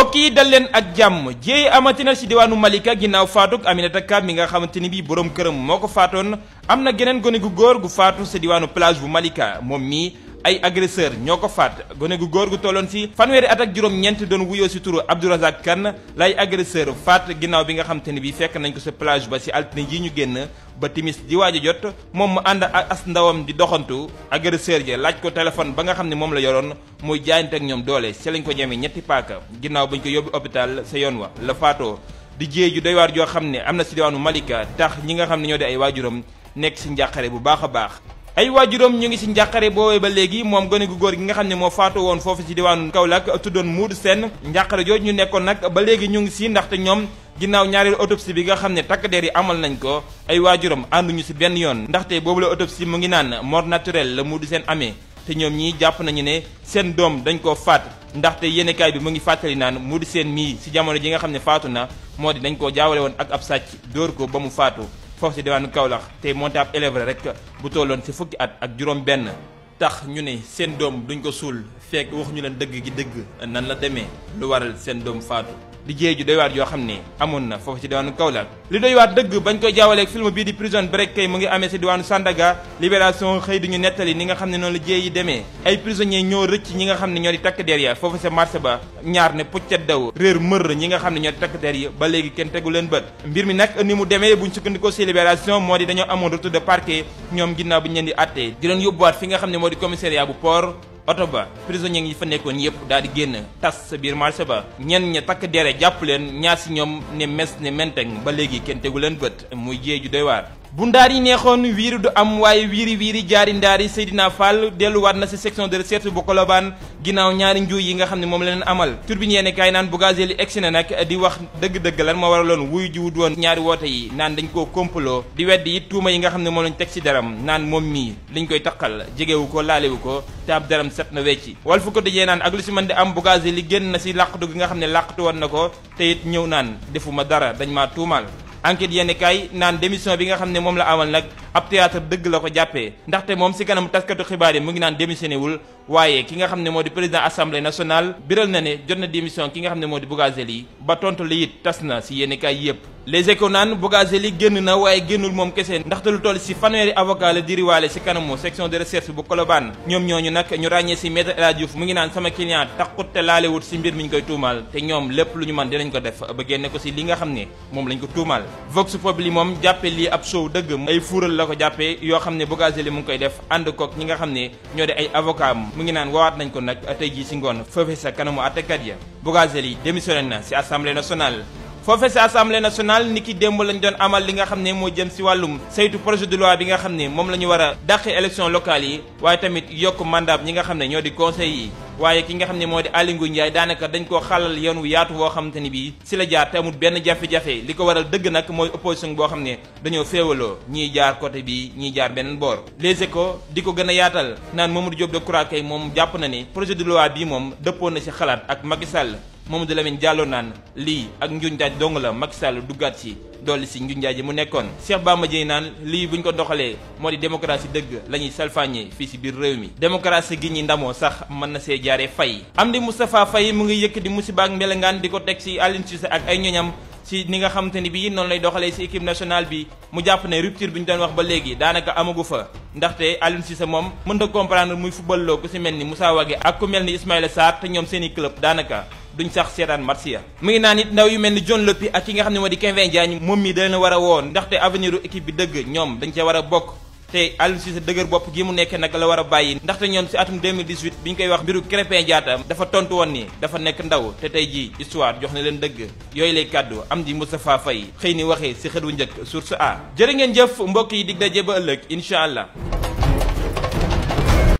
mbokk yi dal leen ak jàmm jéey amatina si diwaanu Malika ginnaaw faatug Aminata Ka mi nga xamante ni bi boroom këram moo ko faatoon am na geneen gone gu góor gu faatu sa diwaanu plage bu Malika moom mii ay agresseur ñoo ko faat gone gu góor gu tolloon si fanweeri at ak juróom-ñeent doon wuyoo si turu Abdourazak Kane lay agresseur faat ginnaaw bi nga xam te ne bi fekk nañ ko sa plage ba si altine yi ñu génn ba timis di waaj a jot moom mu ànd ak as ndawam di doxantu agresseur ja laaj ko téléphone ba nga xam ne moom la yoroon mooy jaayante ak ñoom doole si lañ ko ñemee ñetti paaka ginnaaw bañ ko yóbbu hôpital sa yoon wa la faatoo di jéey ju doy waar joo xam ne am na si diwaanu Malika tax ñi nga xam ne ñoo di ay waajuram nekk si njàqare bu baax a baax ay waajuram ñu ngi ci njàqare boobee ba léegi moom gone gu góor gi nga xam ne moo faatu woon foofu ci diwaanu Kaolack tuddoon Muudu Seen njàqare jooju ñu nekkoon nag ba léegi ñu ngi ci ndaxte ñoom ginnaaw ñaareelu autopsie bi nga xam ne takk der yi amal nañ ko ay waajuram ànduñu ci benn yoon ndaxte boobu la autopsie mu ngi naan mort naturelle la Muudu Seen amee te ñoom ñii jàpp nañu ne seen doom dañ koo faat ndaxte yéenekaay bi mu ngi fàttali naan Muudu Seen mii ci jamono ji nga xam ne faatu na moo dañ koo ak ab sàcc dóor ko ba mu faatu foofu si diwaanu Kaolack te monté ab élève la bu tolloon si fukki at ak juróom-benn tax ñu ne seen doom duñ ko suul fekk ñu leen dëgg gi dëgg nan la demee lu waral seen doomu faatu. di jéey ju doy yoo xam ne amoon na foofu ci diwaanu Kaolack li doy dëgg bañ koy jaawaleeg film bii di prison break kay mu ngi amee ci diwaanu Sandaga libération xëy duñu nettali ni nga xam ne noonu la jéey yi demee ay prisonniers ñoo rëcc ñi nga xam ne ñoo di takk der ya foofu sa marché ba ñaar ne puccat daw réer mër ñi nga xam ne ñoo di takk der yi ba léegi kenn tegu leen bët mbir mi nag ni mu demee buñ sukkandikoo ci libération moo di dañoo amoon retour de parquet ñoom ginnaaw bi ñu leen di fi nga xam ne moo di commissariat bu oto ba prisonniers ngi fa nekkoon yëpp daal di génn tas sa biir marché ba ñenn ña takk dere jàpp leen ñaar si ñoom ne mes ne menteng ba léegi kenn tegu leen bët muy jee ju bu ndaar yi neexoon wiiri du am waaye wiiri wiiri jaari ndaar yi Seydina Fall delluwaat na si section de recherche bu Colobane ginnaaw ñaari njuuy yi nga xam ne moom la leen amal turbine yéene kaay naan Bougazelli egsi na nag di wax dëgg-dëgg lan ma waraloon wuyu ji wut woon ñaari woote yi naan dañ koo complot di weddi it tuuma yi nga xam ne moom lañu teg si deram naan moom mii liñ koy taqal jegewu ko laalewu ko te am daram set na wecci wal fu ko dëjee naan ak lu si mën di am Bougazelli génn na si làqatu gi nga xam ne làqatu woon na ko te ñëw naan defuma dara dañ maa tuumaal enquête yenn kaay naan démission bi nga xam ne moom la amal nag ab théâtre dëgg la ko jàppe ndaxte moom si kanam taskatu xibaar yi mu ngi naan démissionné wul waaye ki nga xam ne moo di président assemblée nationale biral na ne jot na démission ki nga xam ne moo di Bougazeli ba tontu li it tas na si yenn kaay yëpp les échos naan Bougazelli génn na waaye génnul moom kese ndaxte lu toll si fanweeri avocat la diriwaale si kanamu section de recherche bu Colobane ñoom ñooñu nag ñu ràññee si maître El Hadj mu ngi naan sama client taxut te laalewut si mbir mi ñu koy tuumaal te ñoom lépp lu ñu mën dinañ ko def ba génne ko si li nga xam ne moom lañ ko tuumaal vox populi moom jàppe li ab show dëgg ay fuural la ko jàppee yoo xam ne Bougazelli mu ngi koy def ànd kook ñi nga xam ne ñoo di ay avocat mu ngi naan wawaat nañ ko nag tey jii si ngoon foofe sa kanamu àttekat ya Bougazelli démissionné na si assemblée nationale foofe sa assemblée nationale ni ki démb lañ doon amal li nga xam ne moo jëm si wàllum saytu projet de loi bi nga xam ne moom lañu ñu war a dàqi élection locale yi waaye tamit yokk mandat ñi nga xam ne ñoo di conseil yi waaye ki nga xam ne moo di Aly Ngouille Ndiaye daanaka dañ koo xalal yoon wu yaatu woo xamante ni bii si la jaar te amul benn jafe-jafe li ko waral dëgg nag mooy opposition boo xam ne dañoo féewaloo ñiy jaar côté bii ñiy jaar benn boor Les Échos di ko gën a yaatal naan Mamadou Diop Decroix moom jàpp na ne projet de loi bii moom dëppoon na si xalaat ak Macky Sall moom Mamadou Lamine Diallo naan lii ak njunjaaj dong la Macky Sall duggaat ci dolli si njunjaaj yi mu nekkoon ma Bamba Dièye naan lii buñ ko doxalee moo di démocratie dëgg la ñuy salfaañee fii si biir réew mi démocratie gi ñi ndamoo sax mën na see jaaree fay am di Moustapha fay mu ngi yëkk di musiba ak mbelengaan di ko teg si Aliou ak ay ñoñam ci ni nga xamante ni bii noonu lay doxalee ci équipe nationale bi mu jàpp ne rupture bi ñu doon wax ba léegi daanaka amagu fa ndaxte Aliou Cissé moom mën na comprendre muy football loo ku ci mel ni Moussa Wagué ak ku mel ni Ismaïla Sarr te ñoom seeni club daanaka duñu sax seetaan match ya mu ngi naa nit ndaw yu mel ni John Lopy ak ki nga xam ne moo di Krépin Diagne moom mi da leen war a woo ndaxte avenir u bi dëgg ñoom dañ ca war a bokk te Aliou Cissé dëgër bopp gi mu nekk nag la war a bàyyi ndaxte ñoom si atum 2018 bi ñu koy wax mbiru Krépin Diatta dafa tontu woon ni dafa nekk ndaw te tey ji histoire jox na leen dëgg yooyu lay kàddu am di Moustapha Faye xëy ni waxee si xët wu njëkk source A jërë ngeen jëf mbokk yi dig daje ba ëllëg incha allah